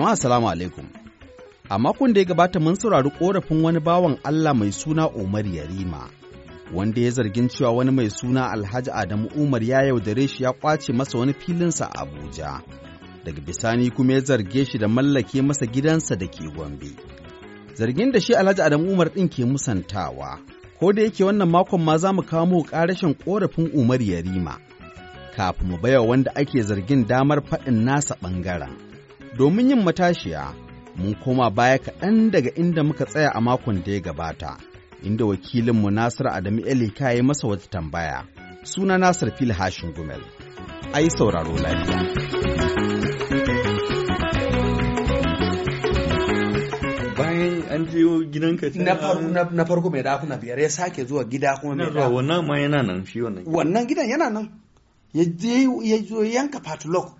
Jama'a salamu alaikum. A makon da ya gabata mun saurari korafin wani bawan Allah mai suna Umar Yarima, wanda ya zargin cewa wani mai suna Alhaji Adamu Umar ya yaudare shi ya kwace masa wani filinsa a Abuja. Daga bisani kuma ya zarge shi da mallake masa gidansa da ke Gombe. Zargin da shi Alhaji Adamu Umar ɗin ke musantawa, ko da yake wannan makon ma za mu kawo muku ƙarashin korafin Umar Yarima. Kafin mu baya wanda ake zargin damar faɗin nasa ɓangaren. domin yin matashiya mun koma baya kaɗan daga inda muka tsaya a makon da ya gabata inda wakilinmu Nasir Adamu Elika ya masa wata tambaya suna Nasir Fil Hashin Gumel ai sauraro lafiya bayan an je gidanka na farko mai dakuna biyar ya sake zuwa gida kuma mai dakuna wannan ma yana nan shi wannan wannan gidan yana nan ya je ya zo yanka patulok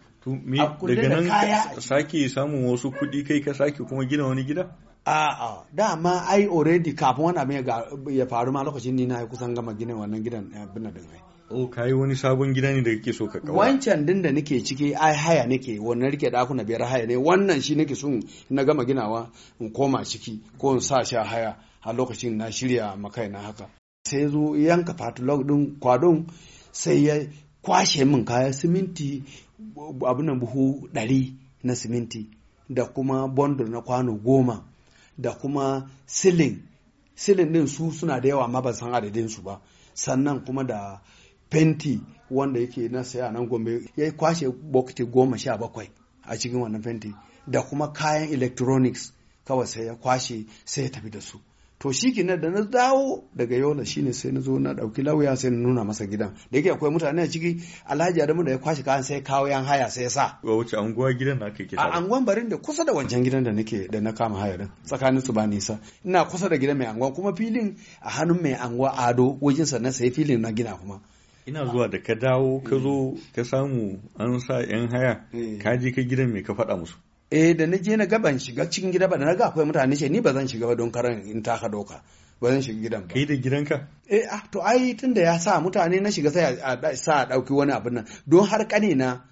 daga nan sake samun wasu kuɗi kai ka sake kuma gina wani gida? A'a, dama ai already kafin wani abin ya faru ma lokacin ni na kusan gama gina wannan gidan abin da zai. O oh, ka yi wani sabon gida ne da kake so ka kawo. Wancan din da nake ciki ai haya nake wannan rike na biyar haya ne wannan shi nake sun na gama ginawa in koma ciki ko in sa sha haya a lokacin na shirya makai na haka. Sai zo yanka fatulog din kwadon sai ya kwashe min kaya siminti abinan buhu ɗari na siminti da kuma bondar na kwano goma da kuma silin silin din su suna da yawa ma ban san adadin su ba sannan kuma da fenti wanda yake na saya nan gombe ya kwashe bokiti goma sha bakwai a cikin wannan fenti da kuma kayan electronics kawai sai ya kwashe sai ya tafi da su to shi kina da na dawo daga yola shine sai na zo na dauki lauya sai na nuna masa gidan da yake akwai mutane a ciki alhaji adamu da ya kwashi kayan sai kawo yan haya sai ya sa ga wuce anguwa gidan na kake a anguwan barin da kusa da wancan gidan da nake da na kama haya din tsakanin su ba nisa ina kusa da gidan mai anguwa kuma filin a hannun mai anguwa ado wajen sa na sai filin na gina kuma ina zuwa da ka dawo ka zo ka samu an sa yan haya eh. ka je ka gidan me ka faɗa musu eh da na je na gaban shiga cikin gida ba da na ga akwai mutane ce ni ba zan shiga ba don karan in taka doka ba zan shiga gidan ba kai da gidanka eh ah to ai tunda ya sa mutane na shiga sai a sa a dauki wani abin nan don har kane na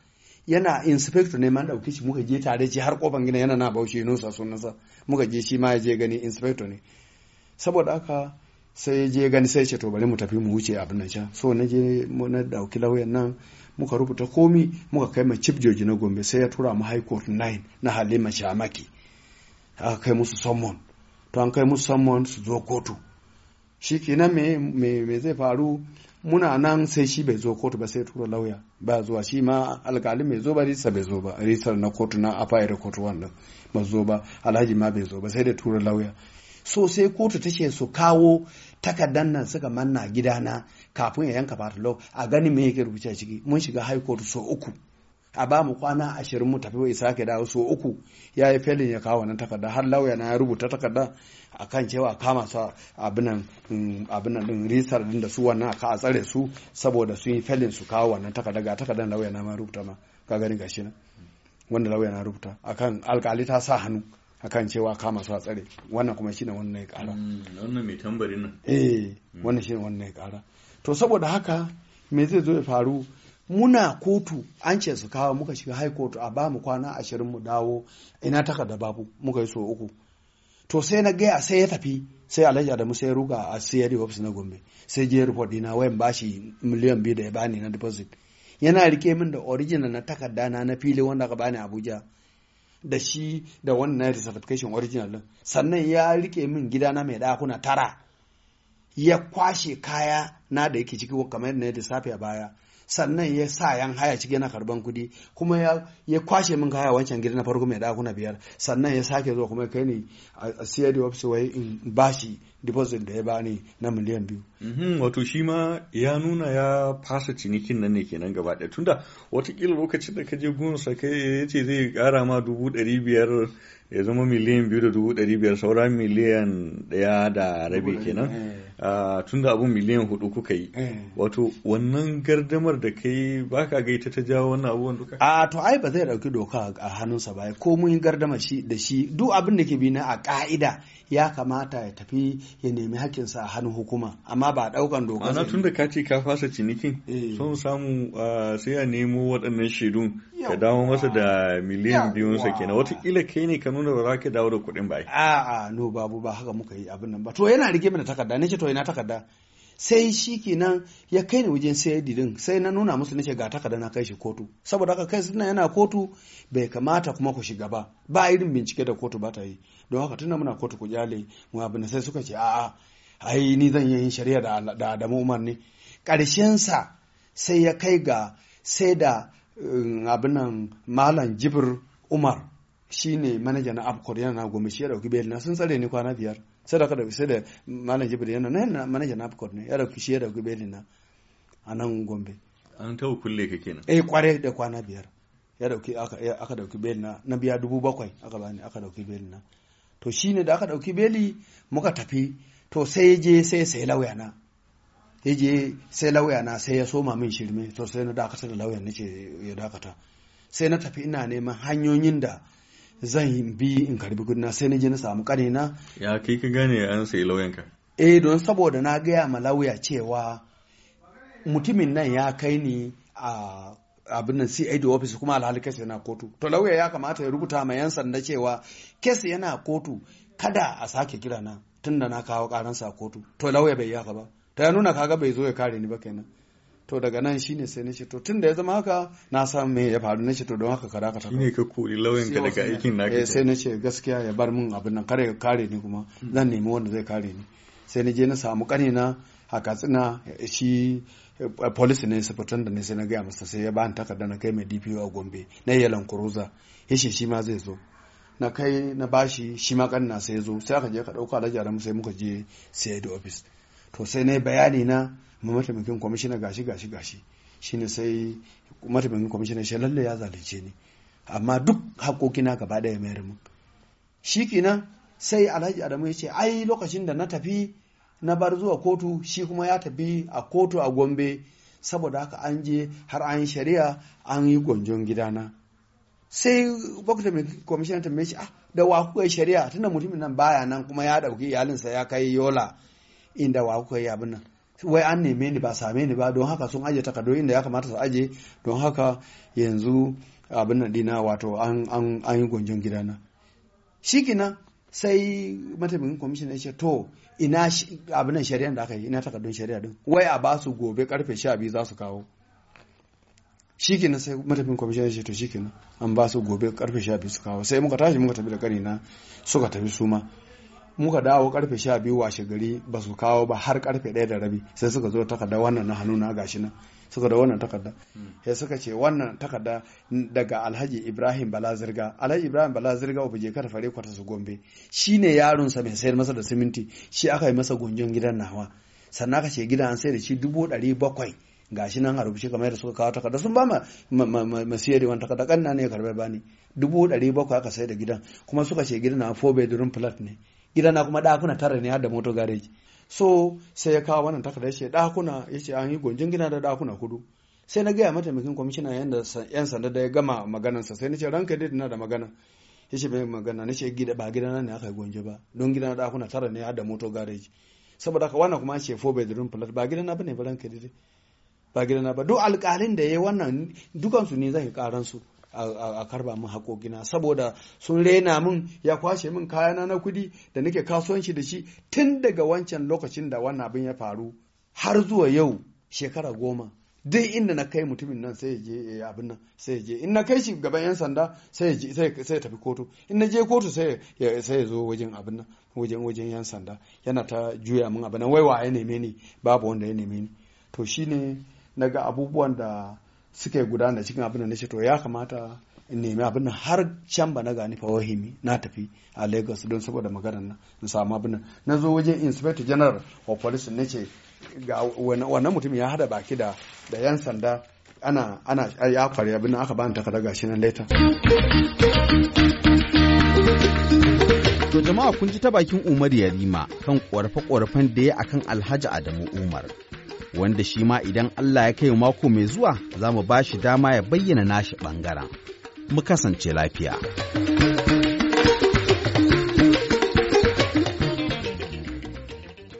yana inspector ne ma dauke shi muka je tare shi har kofan gidan yana na baushe nusa sunansa muka je shi ma ya je gani inspector ne saboda haka sai je gani sai ce to bari mu tafi mu wuce abin nan can so na je na dauki lauyan nan muka rubuta komi muka kai ma chief joji na gombe sai ya tura mu high court 9 na halima shamaki aka kai musu summon to an kai musu summon su zo kotu shi kenan me me zai faru muna nan sai shi bai zo kotu ba sai tura lauya ba zuwa shi ma alkali mai zo ba risa bai zo ba risar na kotu na afayar kotu wannan ba zo ba alhaji ma bai zo ba sai da tura lauya so sai kotu ta ce su kawo takardan nan suka manna gidana kafin ya yanka fatalo a gani me yake rubuce ciki mun shiga high court so uku a ba mu kwana ashirin mu tafi wai sake dawo so uku ya yi felin ya kawo wannan takarda har lauya na ya rubuta takarda a kan cewa kama sa abinan mm, abinan din risar din da su wannan aka a tsare su saboda sun yi felin su kawo wannan takarda ga takardan lauya na ma rubuta ma ka gani gashi nan wanda lauya na rubuta akan alkali ta sa hannu akan cewa kama masu a tsare wannan kuma shine wannan ya kara mm, wannan mai tambarin nan eh mm. wannan shine wannan ya kara to saboda haka me zai zo ya faru muna kotu an ce su kawo muka shiga high court a ba mu kwana ashirin mu dawo ina taka da babu muka yi so uku to sai na gaya sai ya tafi sai alhaji adamu sai ruga a cid office na gombe sai je report dina wayan bashi miliyan biyu da ya bani na deposit yana rike min da original na takarda na na fili wanda ka bani abuja da shi da wannan certification original din sannan ya rike min gidana mai ɗakuna tara ya kwashe kaya na da yake ciki kamar yadda na lissafi a baya sannan ya sa yan haya ciki na karban kuɗi kuma ya kwashe min kaya wancan gida na farko mai dakuna biyar sannan ya sake zuwa kuma kai ni a siyar da wasu wai in bashi deposit da ya bani na miliyan biyu. Mhm, wato shi ma ya nuna ya fasa cinikin nan ne kenan gaba ɗaya tunda watakila lokacin da ka je gunsa kai ya ce zai ƙara ma dubu ɗari biyar ya zama miliyan biyu da dubu ɗari biyar saura miliyan ɗaya da rabi kenan. Eh. tun da abun miliyan hudu kuka yi eh. wato wannan gardamar da kai baka ka gaita ta jawo wannan abubuwan duka a to ai ba zai dauki doka a hannunsa ba ko mun gardama shi da shi duk abin da ke bi na a ka'ida ya kamata ya tafi ya nemi hakkinsa a hannun hukuma amma ba a daukan doka ana tun da ka ce ka fasa cinikin eh. sun samu sai a nemo waɗannan shaidun ka dawo masa da miliyan biyun sa kenan watakila kai ne ka nuna ba za ka dawo da kuɗin ba a'a no babu ba haka muka yi abin nan ba to yana rike mana takarda ne ce to to ina takarda sai shi kenan ya kai ni wajen sai didin sai na nuna musu nace ga takarda na kai shi kotu saboda haka kai suna yana kotu bai kamata kuma ku shiga ba ba irin bincike da kotu ba ta yi don haka tunda muna kotu ku jale mu abin sai suka ce a'a ai ni zan yi shari'a da da Adamu Umar ne karshen sa sai ya kai ga sai da um, abin nan Malam Jibir Umar shine manaja na Abkor yana na shi ya dauki bail na sun tsare ni kwana biyar sadaka da da mana jibril yana na manaja na afcon ne yara kishi yara gube ne na a nan gombe an ta kulle ka kenan eh kware da kwana biyar ya dauki eh, aka dauki beli na na biya dubu bakwai aka bani aka dauki beli na to shine da aka dauki beli muka tafi to sai je sai sai lauya na ya je sai lauya na sai ya soma min shirme to sai na dakata da lauyan nace ya dakata sai na tafi ina neman hanyoyin da zan bi in karbi kudina sai na je na samu kanina ya kai ka gane an sayi lauyanka eh don saboda na gaya ma lauya cewa mutumin nan ya kai ni a abin nan CID office kuma alhali kes yana kotu to lauya ya kamata ya rubuta ma yan sanda cewa kes yana kotu kada a sake kira na tunda na kawo karansa kotu to lauya bai yaka ba ta ya nuna kaga bai zo ya kare ni ba kenan to daga nan shine sai na to tun da ya zama haka na san me ya faru na ce to don haka ka dakata shine ka kori lauyan ka daga aikin naka eh sai na gaskiya ya bar min abin nan kare ya kare ni kuma zan nemi wanda zai kare ni sai na je na samu kanina haka tsina shi eh, police ne fitan da ne sai na gaya masa sai ya bani takarda na kai mai DPO a Gombe na yalan kuruza yace shi ma zai zo na kai na bashi shi ma kanina sai ya zo sai aka je ka dauka da jaran sai muka je sai da office to sai na bayani na ma mataimakin kwamishina gashi gashi gashi shine sai mataimakin kwamishina shi lalle ya zalunce ni amma duk na gaba ɗaya mayar min shikenan sai alhaji adamu ya ce ai lokacin da na tafi na bar zuwa kotu shi kuma ya tafi a kotu a gombe saboda haka an je har an shari'a an yi gwanjon gidana sai bakwata mai kwamishinan ta mai ah da wa kuka shari'a tunda mutumin nan baya nan kuma ya ɗauki iyalinsa ya kai yola inda wa kuka yi abin nan wai an neme ni ba same ni ba don haka sun aje takardu inda ya kamata su aje don haka yanzu abin nan dina wato an yi gwanjon gidana Shikina sai mataimakin kwamishin ya ce to ina abin nan shari'a da aka yi ina takardun shari'a din wai a ba su gobe karfe sha biyu za su kawo Shikina sai matafin kwamishin ya ce to shikina an ba su gobe karfe sha biyu su kawo sai muka tashi muka tafi da karina suka tafi suma muka dawo karfe sha biyu washe gari ba su kawo ba har karfe daya da rabi sai suka zo takarda wannan na hannu na gashi nan suka da wannan takarda sai suka ce wannan takarda daga alhaji ibrahim balazirga zirga alhaji ibrahim bala zirga ubu je kada fare kwata su gombe shine yaron sa mai sayar masa da siminti shi aka yi masa gunjon gidan nawa sannan aka ce gidan an sai da shi dubu ɗari bakwai gashi nan a rubuce kamar yadda suka kawo takarda sun ba ma yari wani takarda na ne ya karɓar bani dubu ɗari bakwai aka sai da gidan kuma suka ce gidan na four bedroom flat ne gidana kuma ɗakuna tara ne har da moto gareji so sai ya kawo wannan takardar shi ɗakuna ya ce an yi gonjin gina da ɗakuna hudu sai na gaya mataimakin kwamishina yan sanda da ya gama maganansa sai na ce ranka dai na da magana ya ce bai magana na ce gida ba gidana ne aka yi gonje ba don gidana ɗakuna tara ne har da moto gareji saboda haka wannan kuma ce four bedroom flat ba gidana ba ne ba ranka dai ba gidana ba duk alƙalin da ya yi wannan dukansu ne zai karan su a karba min haƙoƙina saboda sun rena min ya kwashe min kayana na kudi da nake kasuwanci da shi tun daga wancan lokacin da wannan abin ya faru har zuwa yau shekara goma duk inda na kai mutumin nan sai ya je eh, abin nan sai ya je in na kai shi gaban yan sanda sai ya tafi kotu in na je kotu sai ya zo wajen abin nan wajen wajen yan sanda yana ta juya min abin nan wai waye ne neme babu wanda ya neme ni to shine naga abubuwan da suka gudana cikin abin da na to ya kamata in nemi abin nan har can ba na gani fawahimi na tafi a lagos don saboda magana nan in samu abin nan na zo wajen inspector general of police na ce ga wannan mutum ya hada baki da da yan sanda ana ya kware abin aka bani takarda gashi nan later to jama'a kun ji ta bakin Umar Yarima kan korafe-korafen da ya akan Alhaji Adamu Umar wanda shi ma idan Allah ya kai mako mai zuwa za mu ba shi dama ya bayyana nashi ɓangaren. Mu kasance lafiya.